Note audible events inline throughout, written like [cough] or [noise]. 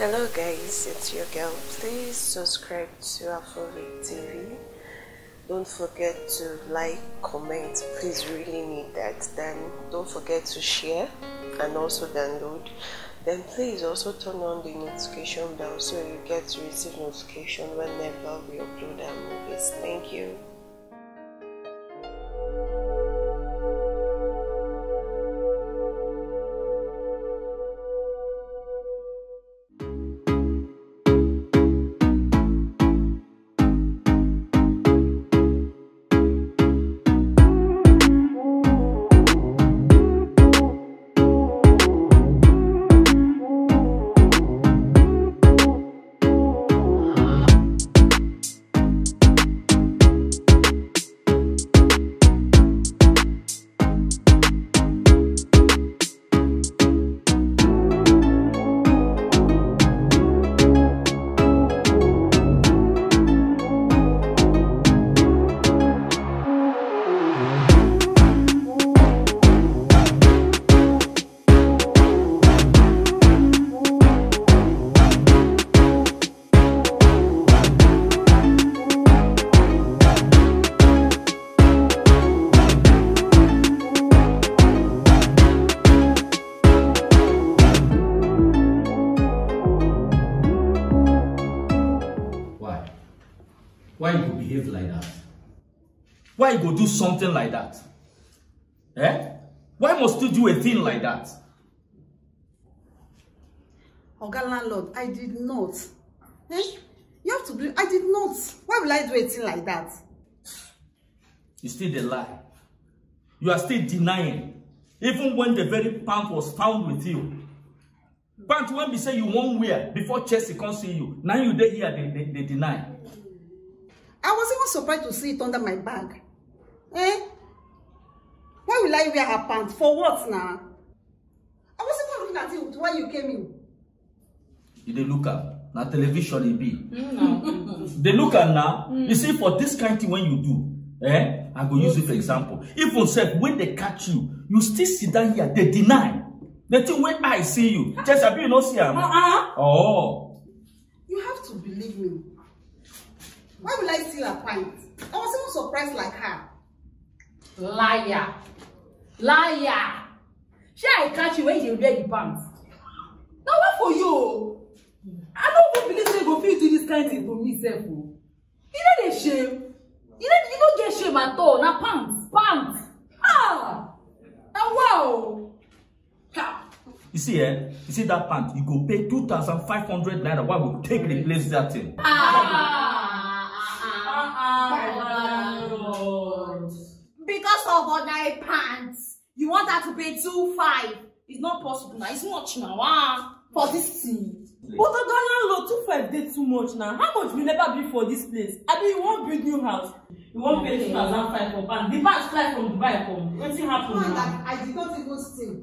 Hello guys, it's your girl. Please subscribe to Afrobeat TV. Don't forget to like, comment. Please really need that. Then don't forget to share and also download. Then please also turn on the notification bell so you get to receive notification whenever we upload our movies. Thank you. behave like that? Why go do something like that? Eh? Why must you do a thing like that? Oga landlord, I did not. Eh? You have to believe, I did not. Why will I do a thing like that? You still dey lie. You are still denying. Even when the very pant was found with you. Pant when we say you won't wear before Chelsea can't see you. Now you dey here, they, they, they deny. I was even surprised to see it under my bag. Eh? Why will I wear her pants? For what now? I wasn't even looking at it when you came in. You dey look am. Na television e be. Mm, no. [laughs] dey look am now. Mm. You see, for this kind of thing when you do, eh? I go use it for example. If on sef, when they catch you, you still sit down here, they deny. The thing when I see you, just abi you no see am. Uh -uh. Oh. You have to believe me. Why will I steal her pint? I was even surprised like her. Liar. Liar. Shall I catch you when you wear the pants. Now what for you. I no even believe they go feel to this kind of thing to me sef oh. You know dey shame. You don't you no get shame at all. Now pants pants. Ah! Na wow. You see, eh? You see that pant? You go pay two thousand five hundred naira. Why would take replace that thing? Ah! you want her to pay two five it's not possible now. it's much now. wa ah. for this thing. but oga landlord two five dey too much now. how much we never build for this place I mean, you won't build new house you won't pay two thousand five for bank the bank fly from dubai come wetin happen now. i did not even steal.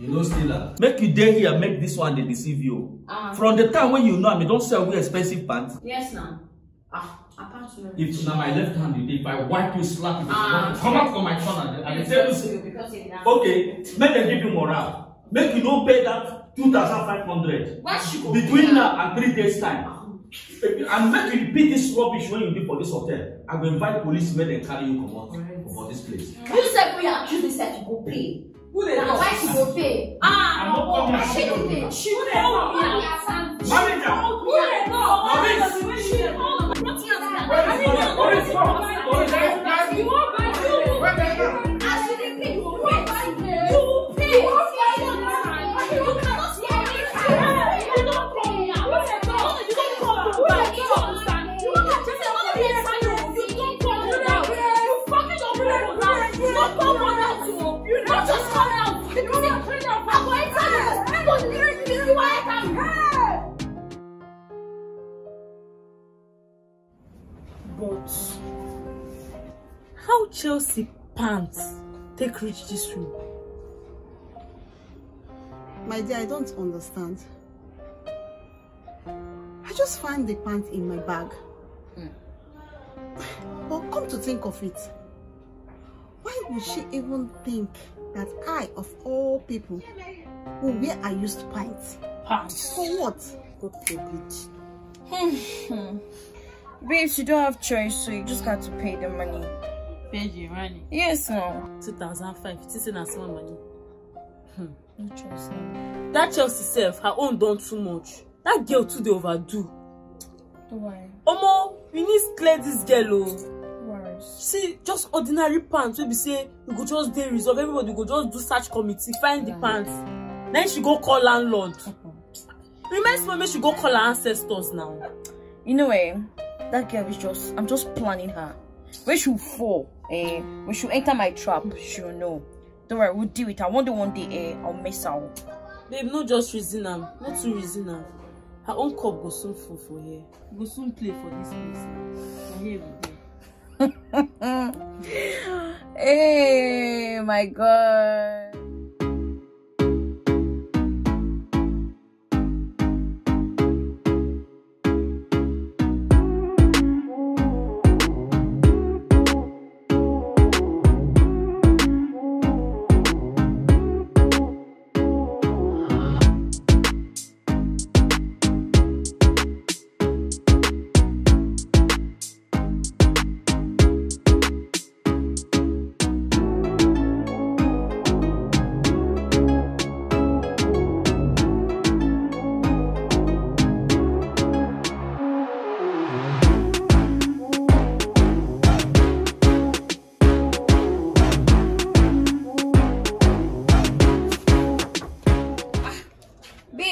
you know, steal make you dey here make this one They deceive you. Uh from the time when you know me, you don sell me expensive pants. yes now. Ah, if if now my left hand if I wipe you slap you ah, come out for my corner then I dey tell you okay make them give you morale make you don't pay that two thousand five hundred between now and three days time and make you repeat this rubbish when you do for this hotel I will invite police make them carry you comot right. for this place. you said we are you said you go pay. Who they now why she go pay? Ah, no, no, no, she go pay. She go pay. Manager, who they know? Manager, she go pay. Not just come out. You know they're trying to avoid. I don't need to be how chelsea pants take reach this room my dear i don't understand i just found the pants in my bag mm. but come to think of it why would she even think that i of all people will wear a used pants pants for what god forbid hmm, hmm. Babe, you don't have choice so you just got to pay the money Page you ran it? Yes, ma'am. 2005, this is not small money. Hmm. No choice, that Chelsea itself, her own done too much. That girl too, they overdo. Don't worry. Omo, we need to clear this girl, oh. See, just ordinary pants We be say we go just dey resolve everybody go just do such committee find the pants then she go call landlord uh-huh. remind me make she go call her ancestors now. you know eh that girl is just i'm just planning her When she fall, eh? When she enter my trap, she'll know. Don't worry, we'll deal with I One day, one day, eh? I'll mess out. up. Babe, not just reason her. Not to reason her. Her own cup go soon fall for here. Go soon play for this place now. here we go. hey, my God.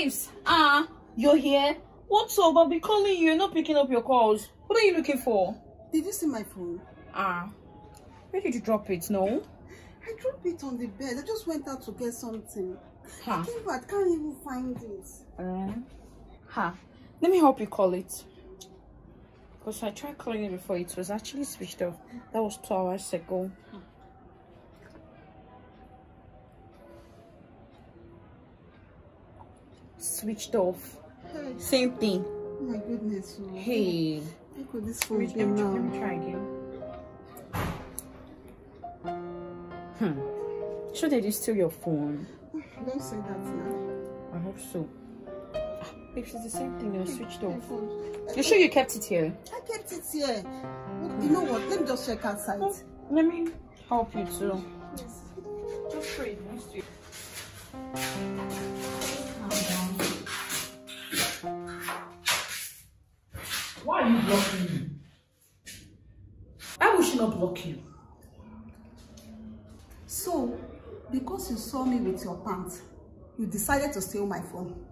babes. Ah, you're here? What's up? I'll be calling you. You're not picking up your calls. What are you looking for? Did you see my phone? Ah, where did you drop it? No? I dropped it on the bed. I just went out to get something. Ha! I came back. can't even find it. Uh, eh? huh. Let me help you call it. Because I tried calling it before. It was actually switched off. That was two hours ago. Hmm. switched off. Hey. Same thing. Oh my goodness. Oh. Hey. How could this phone Let me try again. Hmm. Sure that is still your phone. Don't say that now. I hope so. If ah, it's the same thing, you're switched off. You sure you kept it here? I kept it here. You know what? Let me just check outside. Let me help you too. Yes. Just me with your pants. You decided to steal my phone.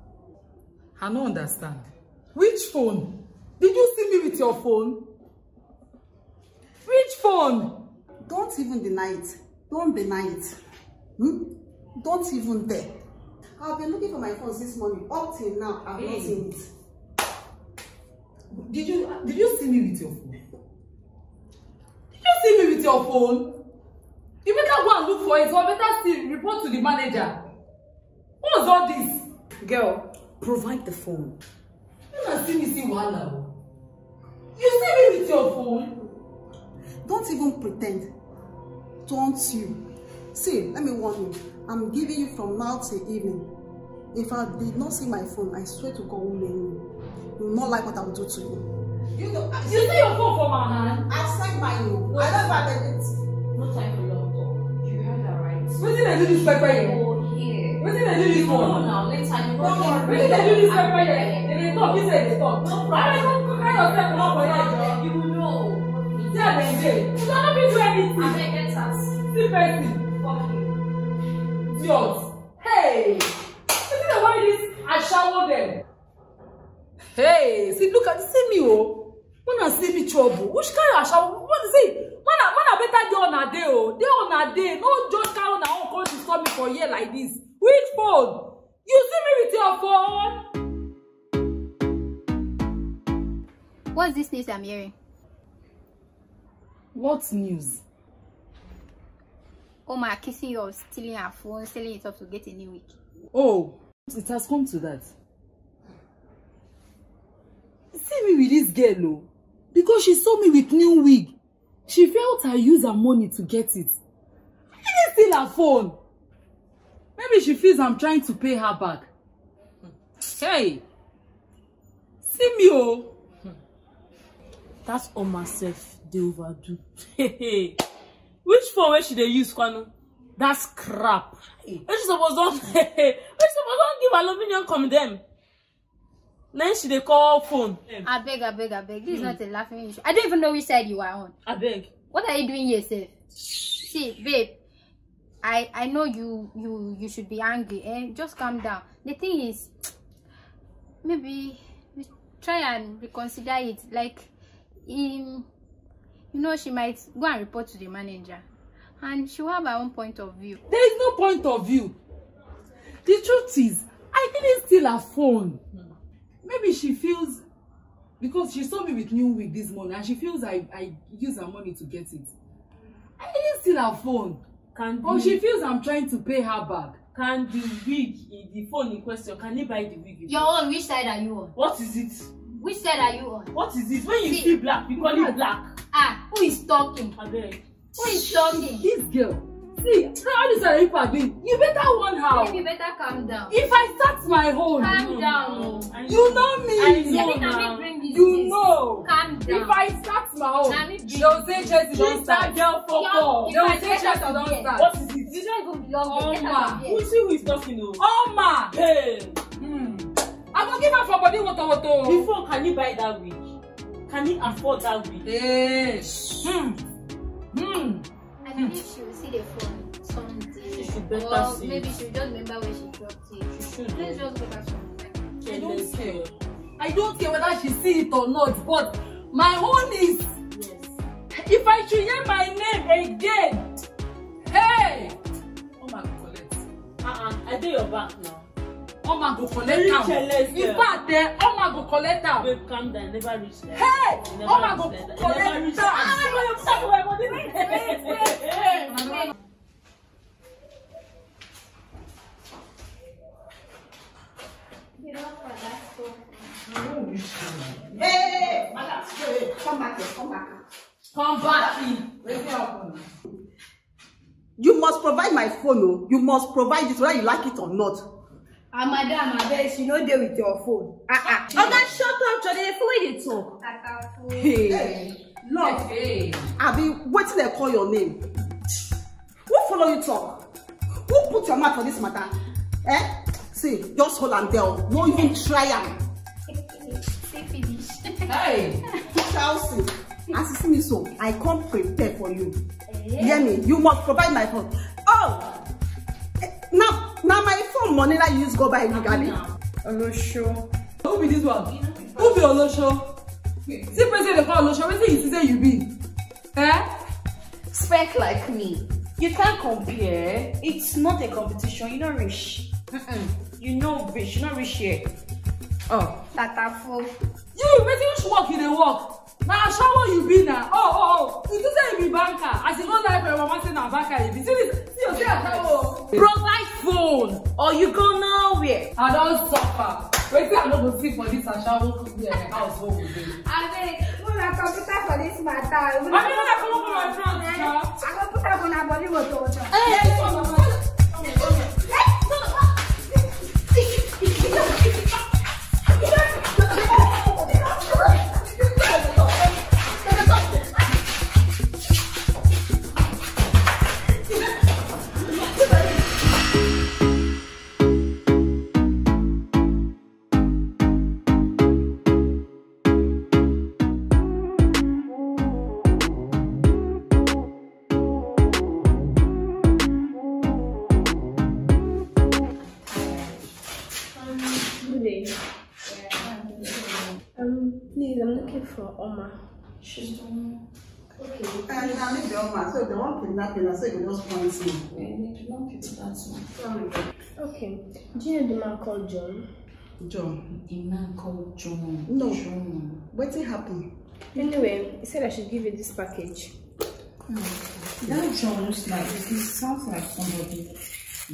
I don't understand. Which phone? Did you see me with your phone? Which phone? Don't even deny it. Don't deny it. Hmm? Don't even dare. I've been looking for my phone this morning. Up till now, I've hey. not seen it. Did you did you see me with your phone? Did you see me with your phone? You better go and look for it, or better still, report to the manager. What's all this? Girl, provide the phone. You must see me see one now. You see me with your phone? Don't even pretend. Don't you. See, let me warn you. I'm giving you from now till evening. If I did not see my phone, I swear to God, woman, you will not like what I will do to you. You know, you see your phone from my hand? I signed my own. I don't have it. No time wetin I do dis pepper yẹn oh, wetin I do dis one wetin dey do dis pepper yẹn dey dey talk you say dey talk why dey come come carry yourself comot for here jọ see as dem dey you don no fit do anything see person idiot hey wetin dey worry dis asawo dem hey see look at see me o. Oh una see me trouble which kind of ashawo what is it man man I better on a day, oh, o on a day. no judge, just on una own come disturb me for year like this which phone you see me with your phone. what's this news i'm hearing. what news. Oma oh, kissing you stealing her phone, selling it off to get a new week. Oh, it has come to that. See me with this girl, oh. because she saw me with new wig she felt i use her money to get it i didn't steal her phone maybe she feels i'm trying to pay her back hey see me oh that on myself they overdo which phone should they use kwano that's crap Which supposed suppose don [laughs] wey she suppose don give aluminium condemn then she dey call phone. I beg, I beg. This mm. is not a laughing issue. I don't even know which side you are on. beg. What are you doing here, sef? See, babe. I I know you you you should be angry. Eh? Just calm down. The thing is, [tsk] maybe we try and reconsider it. Like, in, you know, she might go and report to the manager, and she will have her own point of view. There is no point of view. The truth is, I didn't steal her phone. Mm. maybe she feels because she saw me with new wig this morning and she feels i i use her money to get it i didn't steal her phone can but the, she feels i'm trying to pay her back can the wig the phone in question can he buy the wig again? your own which side are you on what is it which side are you on what is it when you see, see black you call you black ah who is talking abeg who is talking this girl See, how this Arifa doing? You better warn her. Babe, you better calm down. If I start my own. Calm mm. down. You know me. I know now. You know. Calm down. If I start my own. They'll say Jesse don't start. Girl, fuck off. They'll say Jesse don't start. What is it? You don't even belong. Oma. Who she who is talking to? Oh? Oma. Hey. Hmm. I'm gonna give her for body water water. Before, can you buy that wig? Can you afford that wig? Yes. Hmm. Hmm. I believe she will see the phone someday. She should better or see. maybe she will just remember where she dropped it. She should. Let's just go back to I don't care. I don't care whether she see it or not, but my own is. Yes. If I should hear my name again, hey! Oh my God, Uh-uh, I do your back now come and go collect am in fact dem come and go collect am. calm down never reach there. hey come and go collect am. ah you stop my body. You must provide my phone, oh. You must provide it whether you like it or not ah madam abeg she no dey with your phone ah ah, ah oga shut up jolly the phone wey dey talk. hey love abi wetin dem call your name who follow you talk who put your mouth for this matter eh see just hold am there no even try am. hey Finish. chelsea as you see me so i come prepare for you eh? hear me you must provide my phone oh eh, now Now my phone money na you use go buy legally. olosho who be this one who be olosho see person dey call olosho Where you see say you be. Eh? spec like me you can't compare it's not a competition you not rich. mm -mm. you no rich you no reach here. Oh. tatafo. you you should work you dey work na ashawo you be na oh oh oh you do say you be banker as you no die for your mama say na banker you be see this see your see ashawo. provide phone or you go nowhere. i don suffer wetin i no go see for this my house wey we dey. abeg una computer for this matter. abi una come up with my friend. i go put am una body motor. She's the one. Okay. And I'm the Belma, so the one kidnapping, I said, just points me. Okay, the one kidnapping, Sorry. Okay. Do you know the man called John? John. The man called John. No. John. What happen? Anyway, he said I should give you this package. Mm. That John looks like it sounds like somebody.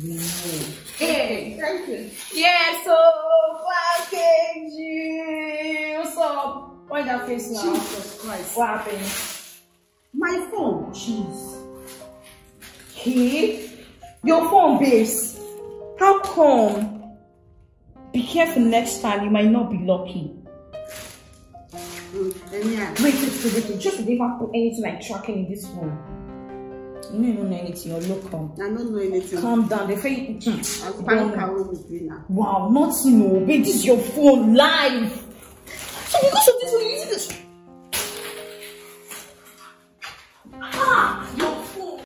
No. Hey, thank you. Yeah, oh, so package you. What's why that face now? Jesus Christ. What happened? My phone. Jeez. Hey, your phone, base. How come? Be careful next time. You might not be lucky. Mm, yeah. Wait, wait, wait, Just to leave put anything like tracking in this phone. You don't know anything. You're local. I don't know anything. Calm down. They say. Hmm. Hmm. Wow, nothing. know. Oh. babe. This is your phone live. 一个手机头一进去。